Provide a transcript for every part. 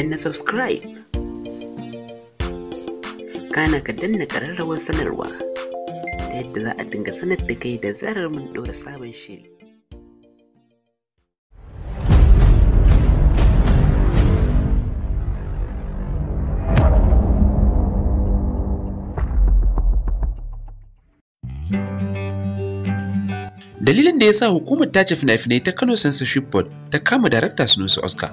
danna subscribe kana ka danna ƙararrawar sanarwa ta yadda za a dinga sanar da kai da zarar mun ɗora sabon shiri Dalilin da ya sa hukumar tace fina-finai ta Kano Censorship Board ta kama darakta Sunusi Oscar.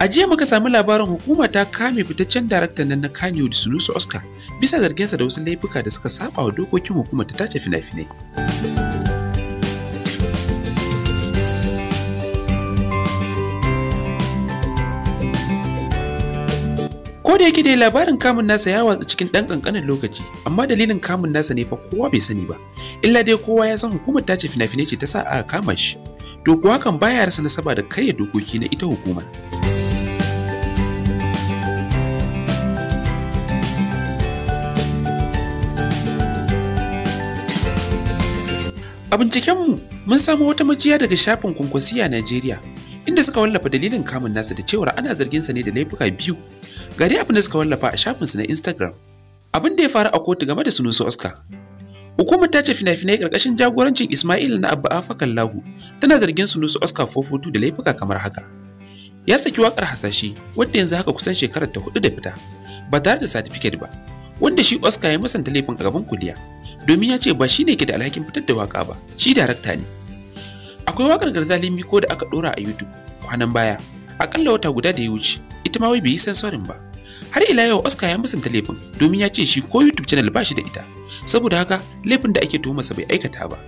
A jiya muka sami labarin hukuma ta kame fitaccen daraktan nan na da sunusu Oscar bisa zarginsa da wasu laifuka da suka saba wa dokokin hukumar ta tace fina-finai. Ko da yake dai labarin kamun nasa ya watsu cikin ɗan ƙanƙanin lokaci, amma dalilin kamun nasa ne fa kowa bai sani ba. Illa dai kowa ya san hukumar tace fina-finai ce ta sa aka kama shi. To kuwa kan baya rasa nasaba da karya dokoki na ita hukumar. A bincikenmu mun samu wata majiya daga shafin a Najeriya inda suka wallafa dalilin kamun nasa da cewar ana zargin sa ne da laifuka biyu. Gari dai abin da suka wallafa a shafinsu na Instagram. Abin da ya faru a kotu game da Sunusu Oscar. Hukumar ta ce fina-finai karkashin jagorancin Ismail na Abba Lahu tana zargin Sunusu Oscar Fofutu da laifuka kamar haka. Ya saki wakar hasashe wadda yanzu haka kusan shekarar ta hudu da fita ba tare da satifiket ba wanda shi Oscar ya musanta laifin a gaban kuliya. domin ya ce ba shi ne ke da alhakin fitar da waka ba shi darakta ne akwai wakar garzalimi ko da aka dora a youtube kwanan baya akalla wata guda da ya wuce ita ma wai bai yi sansorin ba har ila yau oscar ya musanta laifin domin ya ce shi ko youtube channel ba shi da ita saboda haka laifin da ake tuhumarsa bai aikata ba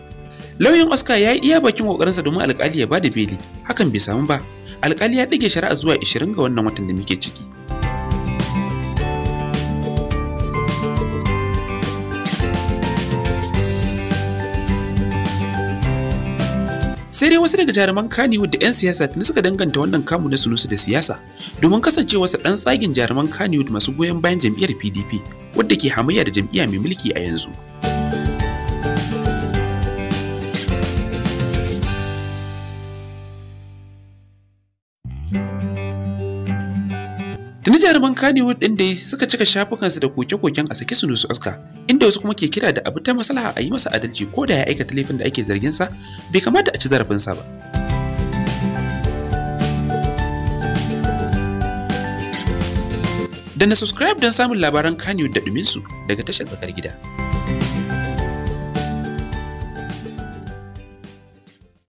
lauyan oscar ya yi iya bakin kokarinsa domin alkali ya bada beli hakan bai samu ba alkali ya ɗage shari'a zuwa 20 ga wannan watan da muke ciki sai dai wasu daga jaruman kaniwood da 'yan siyasa tuni suka danganta wannan kamu na sulusu da siyasa domin wasu ɗan tsagin jaruman kaniwood masu goyon bayan jam'iyyar pdp wadda ke hamayya da jam'iyya mai mulki a yanzu Tuni jaruman Kannywood ɗin da suka cika shafukan su da koke-koken a saki Sunusu aska inda wasu kuma ke kira da abu ta maslaha a yi masa adalci ko da ya aikata laifin da ake zargin sa, bai kamata a ci zarafinsa ba. Da na subscribe don samun labaran Kannywood da ɗuminsu daga tashar tsakar gida.